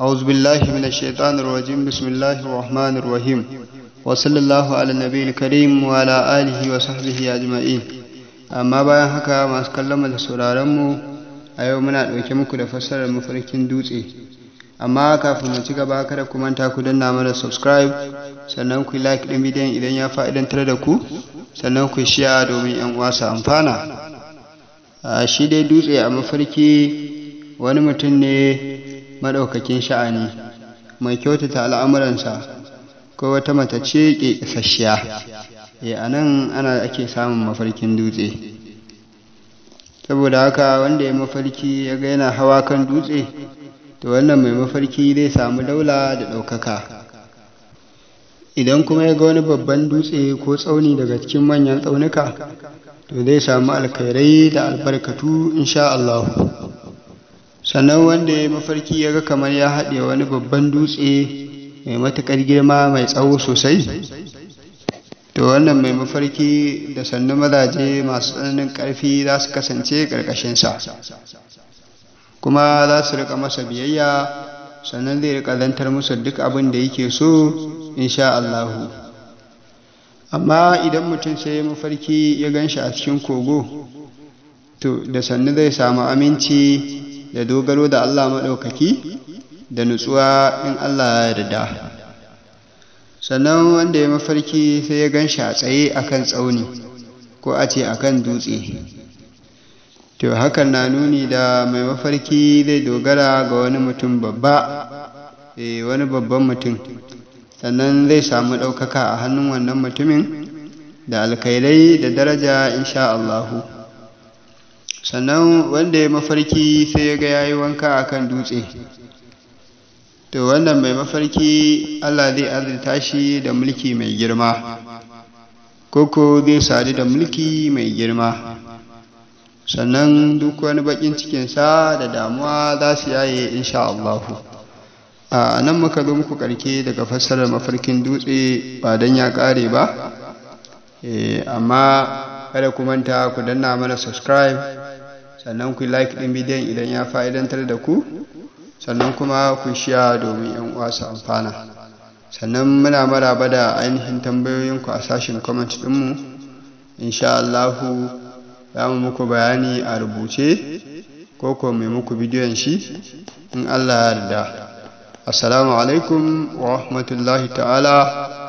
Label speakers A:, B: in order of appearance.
A: أعوذ بالله من الشيطان الرجيم بسم الله الرحمن الرحيم وصلى الله على النبي الكريم وعلى آله وصحبه أجمعين bayan haka masu kallon da sauraron mu a yau muna ɗauke muku da fassarar mafarkin dutse amma kafin mu ci gaba kada ku manta ku danna mana subscribe sannan ku like ɗin bidiyon idan ya fa'idantar da ku sannan ku shiya domin 'yan uwa su amfana shi dai dutse a mafarki wani mutum ne maɗaukakin sha'ani mai kyautata al'amuransa ko wata mata ce ke ƙasashiya e eh, a nan ana ake samun mafarkin dutse saboda haka wanda ya mafarki ya ga yana hawa kan dutse to wannan mai mafarki zai samu daula da ɗaukaka idan kuma ya ga wani babban dutse ko tsauni daga cikin manyan tsaunuka to zai samu alkhairai da albarkatu insha Allah sannan wanda ya mafarki ya ga kamar ya haɗe wani babban dutse mai matuƙar girma mai tsawo sosai to wannan mai mafarki da sannu mazaje masu tsananin ƙarfi za su kasance ƙarƙashinsa kuma za su rika masa biyayya sannan zai riƙa zantar musu duk abin da yake so insha Allahu amma idan mutum sai mafarki ya gan shi a cikin kogo to da sannu zai samu aminci da dogaro da Allah maɗaukaki da nutsuwa in Allah ya yarda sannan wanda ya mafarki sai ya gan shi a tsaye a kan tsauni ko a ce a kan dutse to hakan na nuni da mai mafarki zai dogara ga wani mutum babba e wani babban mutum sannan zai samu ɗaukaka a hannun wannan mutumin da alkairai da daraja insha Allahu sannan wanda ya mafarki sai ya ga yayi wanka kan dutse to wannan mai mafarki Allah zai azurta shi da mulki mai girma koko zai sadu da mulki mai girma sannan duk wani bakin cikinsa da damuwa za su yaye insha Allahu a nan muka zo muku karke daga fassarar mafarkin dutse ba don ya kare ba Eh amma kada ku manta ku danna mana subscribe sannan ku like ɗin bidiyon idan ya fa'idantar da ku sannan kuma ku shiya domin 'yan uwa su amfana sannan muna maraba da ainihin tambayoyinku a sashen comment ɗinmu insha Allahu za mu muku bayani a rubuce ko ko mai muku bidiyon shi in Allah ya yarda assalamu alaikum wa rahmatullahi ta'ala